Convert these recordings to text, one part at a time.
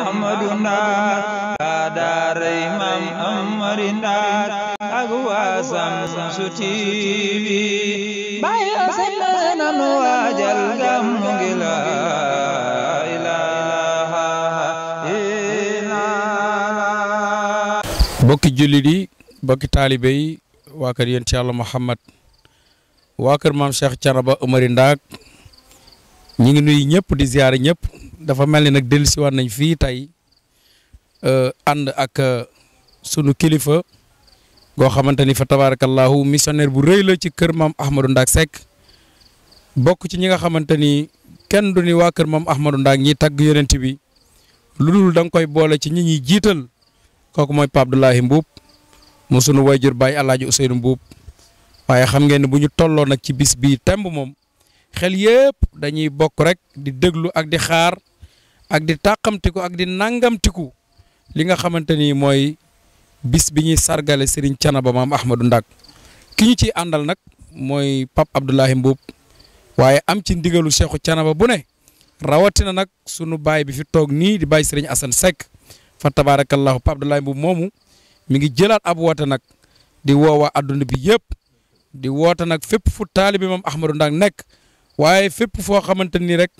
ahmaduna kadare imam amarinda agwasam sutibi bayo sanana no ajal gamugila bokki jullit yi bokki taalibe yi waa kër yéen ci yàlla Muhammad waa kër maam Cheikh Thiénaba Amary ñu ngi nuyu ñëpp di ziare ñëpp dafa mel ni nag waan nañ fii tey euh, ànd ak euh, sunu kilifa goo xamante ni fa tabarakallahu missionnaire bu rëy la ci kër maam Ahmadou Ndack Seck bokk ci ñi nga xamante ni kenn du ni waa kër maam Ahmadou Ndack ñi tagg yonent bi lu dul danga koy boole ci ñi ñuy jiital kooku mooy Pape Abdoulahi Mbuub mu sunu wayjur Baye Alaaji Ousseynou Mbuub waaye xam ngeen ne bu ñu tolloo nag ci bis bi temb moom xel yëpp dañuy bokk rek di déglu ak di xaar ak di tàqamtiku ak di nangamtiku li nga xamante ni bis bi ñuy sargale Serigne ba maam Ahmadou Ndak ki ñu nak àndal nag mooy Pape Abdoulahi Mbuub waaye am ci ndigalu Cheikhu ba bu ne rawatina nag sunu baay bi fi toog nii di bàyyi Serigne Assane Seck fa tabaarakallahu Pape Abdoulahi Mbuub moomu mi ngi jëlaat ab woote nag di woowaa adduna bi yépp di woote nag fépp fu taalibe maam Ahmadou Ndak nekk waye fepp fo xamanteni rek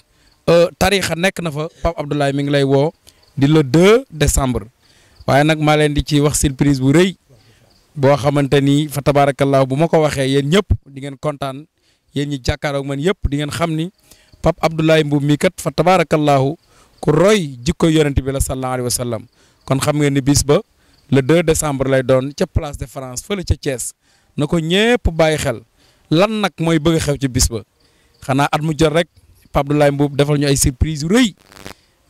euh tariikha nek na fa pap Abdoulaye mi ngi lay wo di le 2 décembre waye nak ma len di ci wax surprise bu reuy bo xamanteni fa tabarakallah bu mako waxe waxee ñep di ngeen contane yéen ñi ak man yëpp di ngeen xamni pap Abdoulaye mi kat fa tabarakallah ku roy jikko yaronte bi la sallallaahu alayhi wa kon xam ngeen ni bis ba le 2 décembre lay doon ci place de France fële ci Thiès nako baye xel lan nak moy bëgg xew ci bis ba xana at mu jot rek Pape Abdoulaye mbop defal ñu ay surprise yu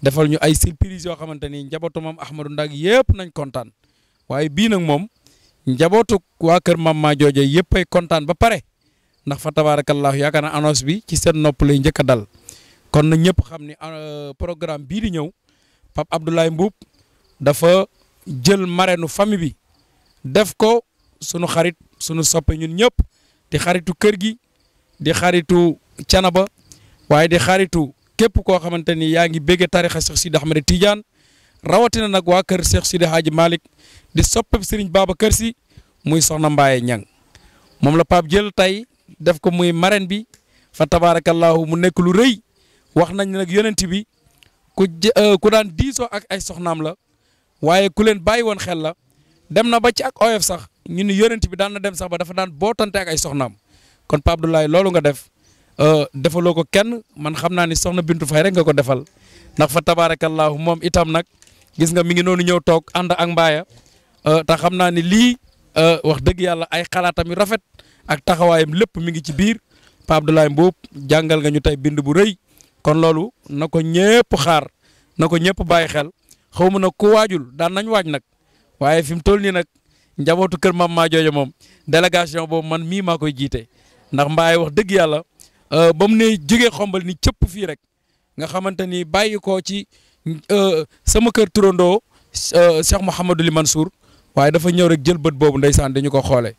defal ñu ay surprise yo xamanteni ni njabootu Ahmadou ndag yépp nañ contane waye bi nak mom njabootu wa keur mam ma jojé ay ba pare ndax fa tabarakallah yakana annonce bi ci sen nopp lay ñëk dal kon na ñëpp xamni ni euh, programme bi di ñëw pap Abdoulaye mbop dafa jël marénu fami bi def ko suñu xarit suñu soppé ñun ñëpp di xaritu kër gi di xaritu ba waye di xaritu kep ko xamanteni yaangi bege ngi Cheikh Sidi Ahmed Tidiane na nak wa keur Cheikh Sidi Hadji malik di soppe Serigne Babacar Sy muy soxna Mbaye ñang mom la pap jël tay def ko muy marraine bi fa tabarakallah mu nek lu reuy wax nañ nak yonenti bi ku euh, ku daan diisoo ak ay soxnam la waye ku len bàyyi won xel la dem na ba ci ak oyof sax ñun yonenti bi daan na dem sax ba dafa daan bootante ak ay soxnam kon pap Abdoulaye lolu nga def Euh, defaloo ko kenn man xam naa ni soxna Bintu Faye rek nga ko defal ndax fa tabaarakallaahu moom itam nag gis nga mi ngi noonu ñëw toog ànd ak mbaaya euh, tax xam naa ni lii euh, wax dëgg yàlla ay xalaatam yu rafet ak taxawaayam lépp mi ngi ci biir Pape Abdoulaye Mboup jàngal nga ñu tey bind bu rëy kon loolu na ko ñëpp xaar na ko ñëpp bàyyi xel xaw ma nag ku waajul daan nañ waaj nag waaye fi mu toll nii nag njabootu kër maam maa joojo moom délégation boobu man mii maa koy jiite ndax mbaay wax dëgg yàlla. Euh, ba mu ne jógee xombal ni cëpp fii rek nga xamante ni bàyyi ko ci euh, sama kër turandoo euh, Cheikh Mouhamadou Mansour waaye dafa ñëw rek jël bët boobu ndeysaan dañu ko xoole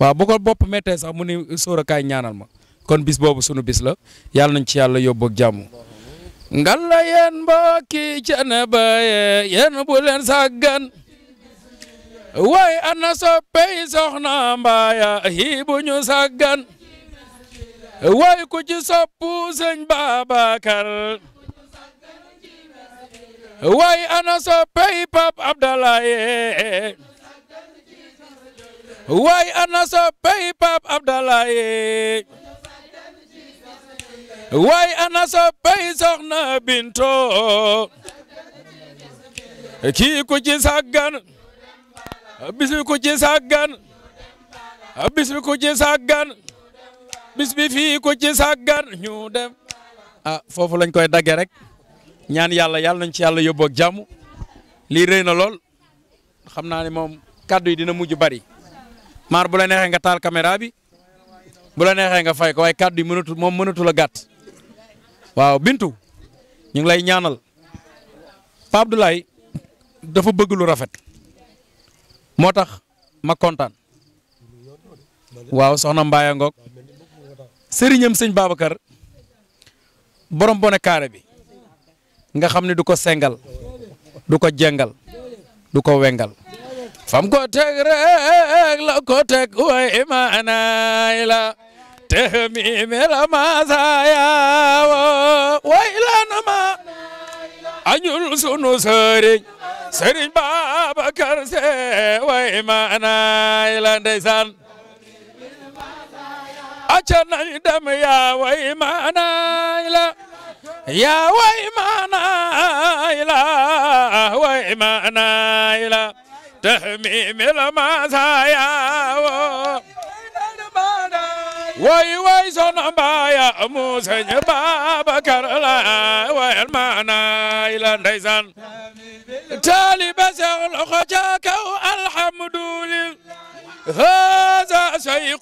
waaw bu ko bopp méttee sax mu ne sóora kaay ñaanal ma kon bis boobu sunu bis la yàlla nañ ci yàlla yóbbu ak jàmm. ngalla yéen mbokki Thiénaba yéen bu leen sàggan waaye ana soppey soxna mbaaya yi bu ñu sàggan way ku ci soppu sëñ Babacar way ana soppey Pape Abdalaye way ana soppey Pape Abdalaye way ana soppey Soxna Binto kii ku ci saggan bis bi ku ci saggan bis bis bi fii ko ci sàggan ñu dem ah foofu lañ koy dagge rek ñaan yàlla yàlla nañ ci yàlla yóbbu ak jàmm lii rëy na lool xam naa ne yi dina bari mar bu la neexee nga taal caméra bi bu la neexee nga fay ko waaye kàddu yi mënatu moom mënatu la waaw Bintu ñu ngi lay ñaanal Pape Abdoulaye dafa bëgg lu rafet moo tax ma kontaan waaw soxna Ngok sëriñam sëñ Babacar borom bone kaare bi nga xam ne du ko sengal du ko jengal du ko wengal fam ko teg rek la ko teg way imaanaay la tehmi me la maasayaawo way laana ma añul sunu sëriñ sëriñ Babacar se way imaanaay la ndeysaan عجنا عندما يا ويمانا إلى يا ويمانا إلى ويمانا إلى من المزايا وي وي سنبا يا موسى بابا كرلا ويمانا إلى نيزان تالي بس الخجاك الحمد لله هذا شيخ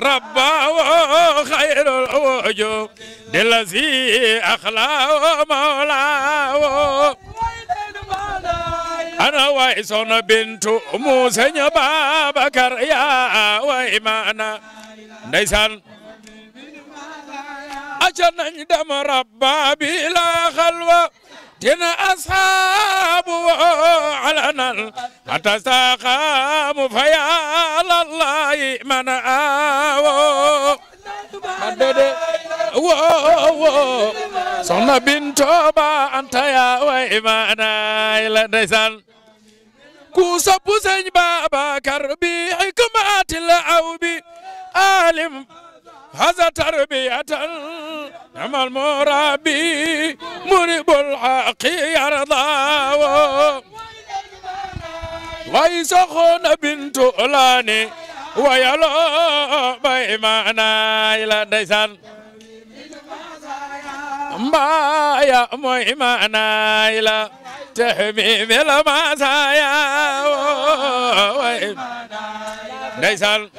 رباه خير الوجوه للذي أخلاه مولاه أنا ويسون بنت موسى بابا كريا وإيمانا نيسان أجنن دم ربا بلا خلوه تنا أصحاب علنا حتى استقاموا فيا الله من آووا soxna Binto Ba Anta yaa way maanaay la ndeysaan ku soppu sëñ Babacar bi hikmatil aw bi alim هذا تربية نعم المربي مرب الحق يرضى ويسخن بنت أولاني ويلو بيمانا إلى ديسان ما يا ميمانا إلى تحميم المسايا ديسان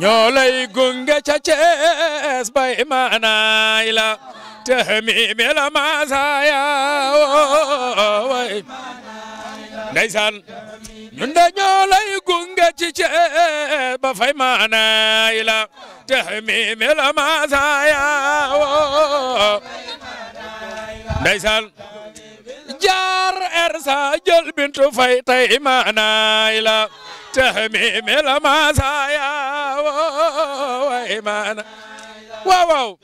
ñoo lay gunge ca Cees bay maanaay la tahmiim la masaaya way ndeysaan ñun de ñoo lay gunge ci Cees ba fay maanaay la tahmiim la masaaya ndeysaan jaar ersa jël bintu fay tay maanaay la تهميم المزايا وإيمانا واو واو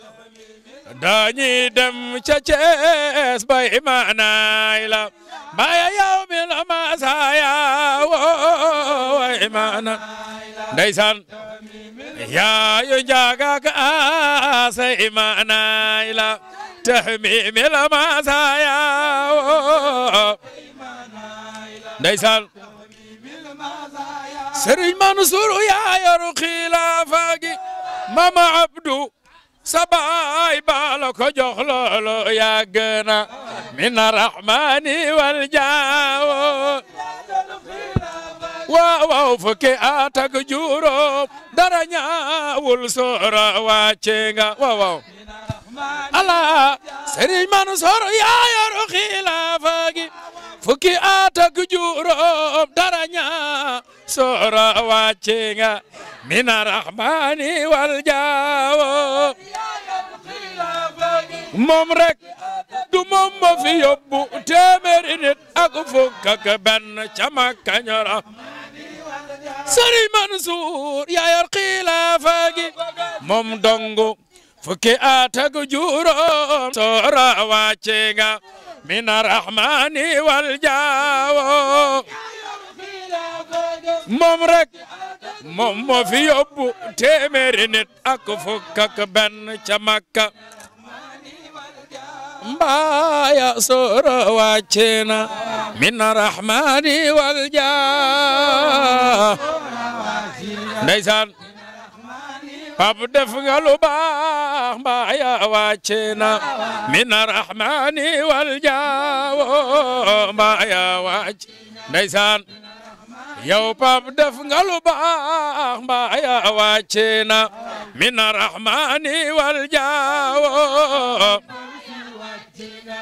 dañuy dem ca Cees bay maanaay la baya yow mi la masaaya way maana ndeysaan yaayu njaaga ka say maanaay la tahmimi la masaaya ndeysaan sëriñ Mansour yaa yoru xilaafa gi mama sabaay baala ko jox loolo yàgg na min arrahmani wal jaawo waaw waaw fukki at ak juróom dara ñaawul soora wàcce nga waaw waaw ala Serigne Mansour yaa yor xilaafa gi fukki at ak juróom dara ñaa soora wàcce nga mina rahmani wal jaawo moom rek du moom ma fi yóbbu téeméeri nit ak fukk ak benn ca Makka ñora Serigne Mansour yaa yor xilaafa gi moom dongu fukki at juróom soora wàcce nga min arrahmani wal jaawo moom rek moom moo fi yóbbu téeméeri nit ak fukk benn ca Makka mbaaya soora wàcce na min arrahmani wal jaawo ab def nga lu baax mbaa yaa wàcce na mina rahmaani wal jaawo mbaa yaa wàcce ndeysaan yow pap def nga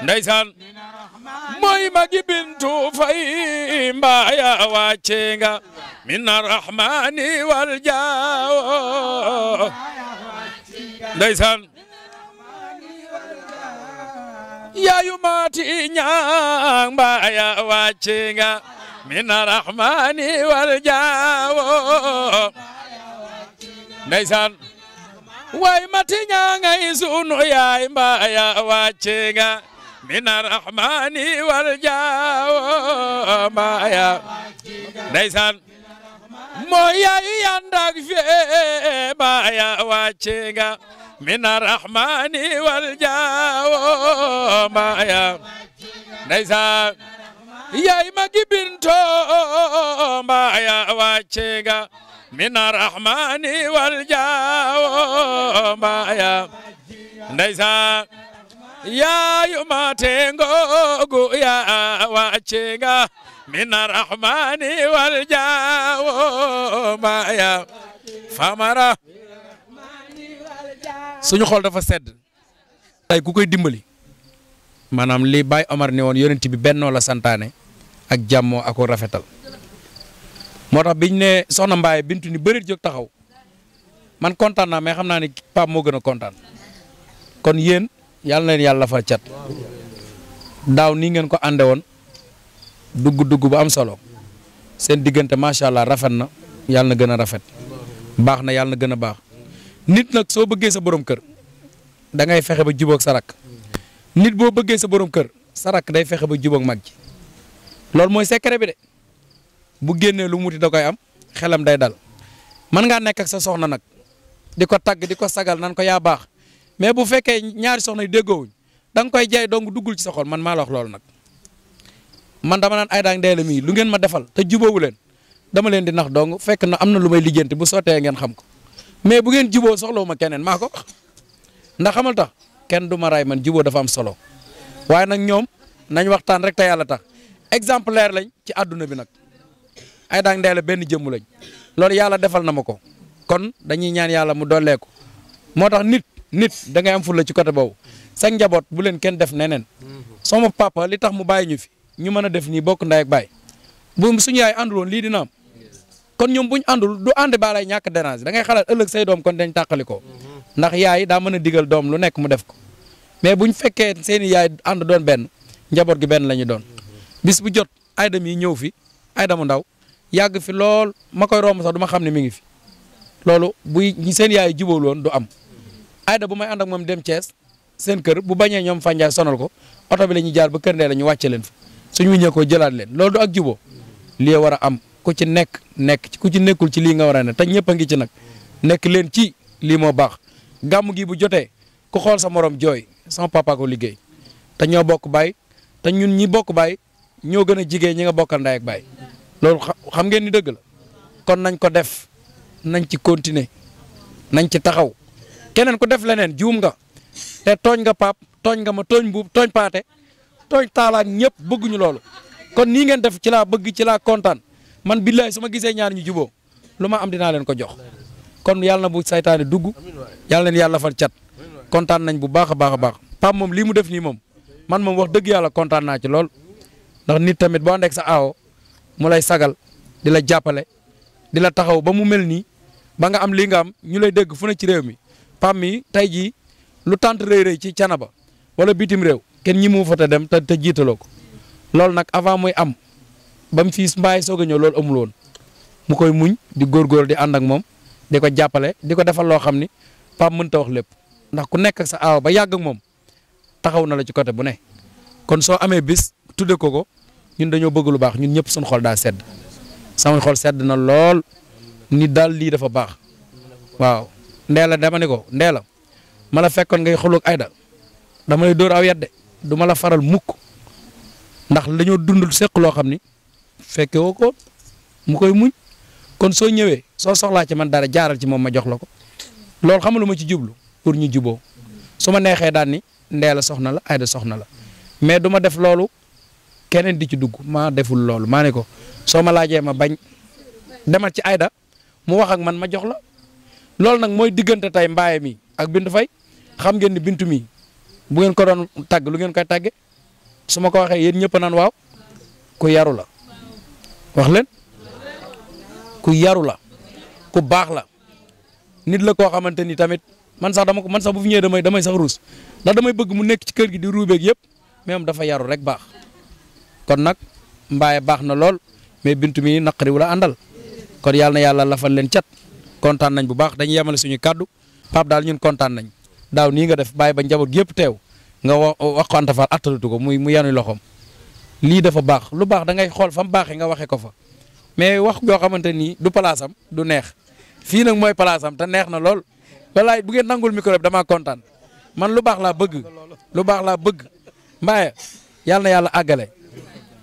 ndeysaan mooy magi bintu fay mbaaya wàcce nga min arrahmani wal jaawo ndeysaan yaayu maati ñaang mbaaya wàcce nga min arrahmani wal jaawo way matiña ngay sunu yaay mbaaya wàcce nga mina rahmani wal jaawo mbaaya ndeysaan mooy yaayu yandak fee mbaaya wàcce nga mina rahmani wal jaawo mbaaya ndeysaan yaay ma gibinto mbaaya wàcce nga من الرحمن والجاو بايا نيسا يا يما تنغو يا واتشيغا من الرحمن والجاو بايا فمرا suñu xol dafa sedd tey ku koy dimbali maanaam li Baye Omar ne woon yonent bi bennoo la santaane ak rafetal motax biñ né soxna mbaay bintu ni bëri jog taxaw man kontan na mais xamna ni pam mo gëna gën kon yen, yalla na leen fa chat daw ni ngeen ko andé won dugg-dugg bu am solo seen diggante macha allah rafet na yalla na gëna a rafet bax na yalla na gëna a nit nak so bëggé sa borom kër da ngay fexé ba jubok sarak nit bo bëggé sa borom kër sarak day fexé ba jubok mag secret bi de. bu génnee lu muti da koy am xelam day dal man ngaa nekk ak sa soxna nag di ko tagg di ko sagal nan ko yaa baax mais bu fekkee ñaari soxna yi déggoowuñ danga koy jaay dong duggul ci sa man maa la wax loolu nag man dama naan ay daang dee la mii lu ngeen ma defal te jubóowu leen dama leen di nax dong fekk na am na lu may lijjanti bu sottee ngeen xam ko mais bu ngeen juboo soxlawu ma keneen maa ko ndaxamal xamal tax kenn du ma raay man juboo dafa am solo waaye nag ñoom nañ waxtaan rek te yàlla tax exemplaire lañ ci àdduna bi nag ay daang ndey benn jëmm lañ loolu yàlla defal na ma ko kon dañuy ñaan yàlla mu dolleeku moo tax nit nit da ngay am fulla ci côté boobu sa njaboot bu leen kenn def neneen sama papa li tax mu bàyyi ñu fi ñu mën a def nii bokk ndey ak baay bu suñu yaay àndul lii dina am kon ñoom bu ñu àndul ànd baa ñàkk dérange da ngay xalaat ëllëg say doom kon dañ tàqali ko ndax yaay daa mën a digal doom lu nekk mu def ko mais bu ñu fekkee seen i yaay ànd doon benn njaboot gi benn lañu doon bis bu jot ay dem yi ñëw fi ay damu ndaw yàgg fi lool ma koy romb sax du ma xam ne mi ngi fi loolu buy seen yaay jubóol woon du am ayda bu may ànd ak moom dem Thiès seen kër bu bañee ñoom fanjaay sonal ko oto bi la ñu jaar ba kër ndee la ñu wàcce leen fa suñu wuñee ko jëlaat leen loolu du ak jubóo lii war a am ku ci nekk nekk ku ci nekkul ci lii nga war a ne te ñëpp a ngi ci nag nekk leen ci lii moo baax gàmm gi bu jotee ku xool sa morom jooy sama papa liggéey te ñoo bokk baay te ñun ñi bokk baay ñoo gën a jigéen ñi nga bokkal ndaay loolu xam ngeen ni dëgg la kon nañ ko def nañ ci continuer nañ ci taxaw keneen ko def leneen juum nga te tooñ nga pap tooñ nga ma tooñ buub tooñ paate tooñ taalaak ñëpp bëgguñu loolu kon nii ngeen def ci laa bëgg ci laa kontaan man billaay su ma gisee ñaar ñu juboo lu ma am dinaa leen ko jox kon yàlla na bu saytaane dugg yàlla leen yàlla far cat kontaan nañ bu baax a baax a baax pap moom lii mu def nii moom man moom wax dëgg yàlla kontaan naa ci lool ndax nit mu lay sagal di la jàppale di la taxaw ba mu mel nii ba nga am lii nga am ñu lay dégg fu ne ci réew mi PAM mi tey jii lu tant rëy-rëy ci cana ba wala bitim réew kenn ñi mu fa te dem te te jiitaloo ko loolu nag avant muy am ba mu fii mbaay soog a ñëw loolu amul woon mu koy muñ di góor góor di ànd ak moom di ko jàppale di ko defal loo xam ni PAM mënta wax lépp ndax ku nekk sa aaw ba yàgg ak moom taxaw na la ci côté bu ne kon soo amee bis tudde ko ko ñun dañoo bëgg lu baax ñun ñëpp suñu xol da sedd sama xol sedd na lool ni dal li dafa baax waaw ndela dama ne ko ndela ma la ngay xuluk ayda dama lay door aw yedde du la faral mukk ndax lañoo dundul sekk lo xamni fekke woko mu koy muñ kon so ñëwé so soxla ci man dara jaaral ci mom ma jox lako ko xam lu ci jublu pour ñu jubo suma ma neexee daan ni ndeela soxna la ayda soxna la mais duma def loolu kenen di ci dugg ma deful lolou mané ko soma ma ma bañ demal ci Aida mu wax ak man ma jox la lolou nak moy digënté tay mbaay mi ak Bintu fay xam ngeen ni Bintu mi bu ngeen ko don tag lu ngeen koy tagge suma ko waxee yeen ñëpp naan waw ku yaru la wax leen ku yaru la ku bax la nit la ko xamanteni tamit man sax dama ko man sax bu fi ñëw damay damay sax rouss da damay bëgg mu nekk ci kër gi di ruubeeg yëpp même dafa yaru rek bax kon nag mbaay baax na lool mais bint mi naq wu la àndal kon yàlla na yàlla lafal leen cat kontaan nañ bu baax dañuy yemale suñu kàddu Pape daal ñun kontaan nañ daaw nii nga def bàyyi ba njaboot yëpp teew nga wax wax ko Anta ko muy mu yanuy loxoom lii dafa baax lu baax da ngay xool fa mu baaxee nga waxee ko fa mais wax joo xamante ni du palaasam du neex fii nag mooy palaasam te neex na lool walaay bu ngeen nangul micro bi damaa kontaan man lu baax laa bëgg lu baax laa bëgg mbaaye yàlla yàlla àggale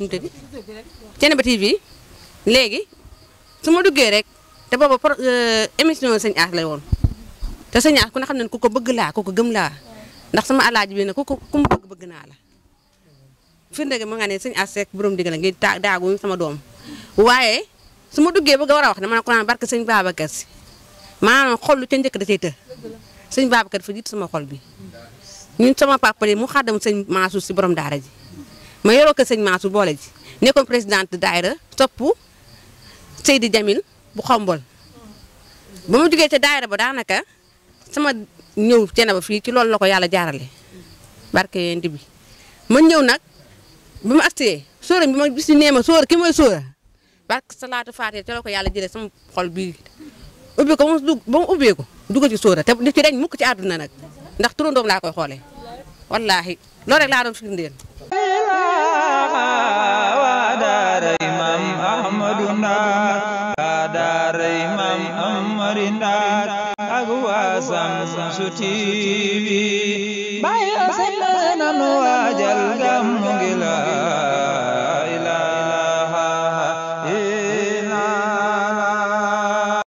mu dëgg Thiénaba TV léegi su ma duggee rek te booba pro euh, émission sëñ Ass lay woon te sëñ Ass ku ne xam ne ku ko bëgg laa ku ko gëm laa ndax sama alaaji bi na ku ko ku mu bëgg bëgg naa la firnde gi ma nga ne sëñ Ass Seck borom digg la ngi taa daagu sama doom waaye su ma duggee bëgg a war a wax ne ma ne ko naan barke sëñ Babacar Si maanaam xol lu ca njëkk da cay të sëñ Babacar fa jiit sama xol bi ñun sama papa yi mu xàddam sëñ Mansour si borom daara ji ma yoroo ka sëñ Mansour boole ji nekkoon présidente daayra topp Seydi Jamil bu xombol boo ma jugee ca daayra ba daanaka sama ñëw cene ba fii ci loolu la ko yàlla jaarale barke yeen di bi ma ñëw nag ba ma astee sóora bi ma nee ma sóora ki mooy sóora barke salaatu faatee ca la ko yàlla jëlee sama xol bii ubbi ko ba mu dugg ba mu ubbee ko dugg ci sóora te def ci dañ mukk ci àdduna nag ndax turandoom laa koy xoolee Ahmaduna Kadarai Mam Amarinda aguwa Sam Suti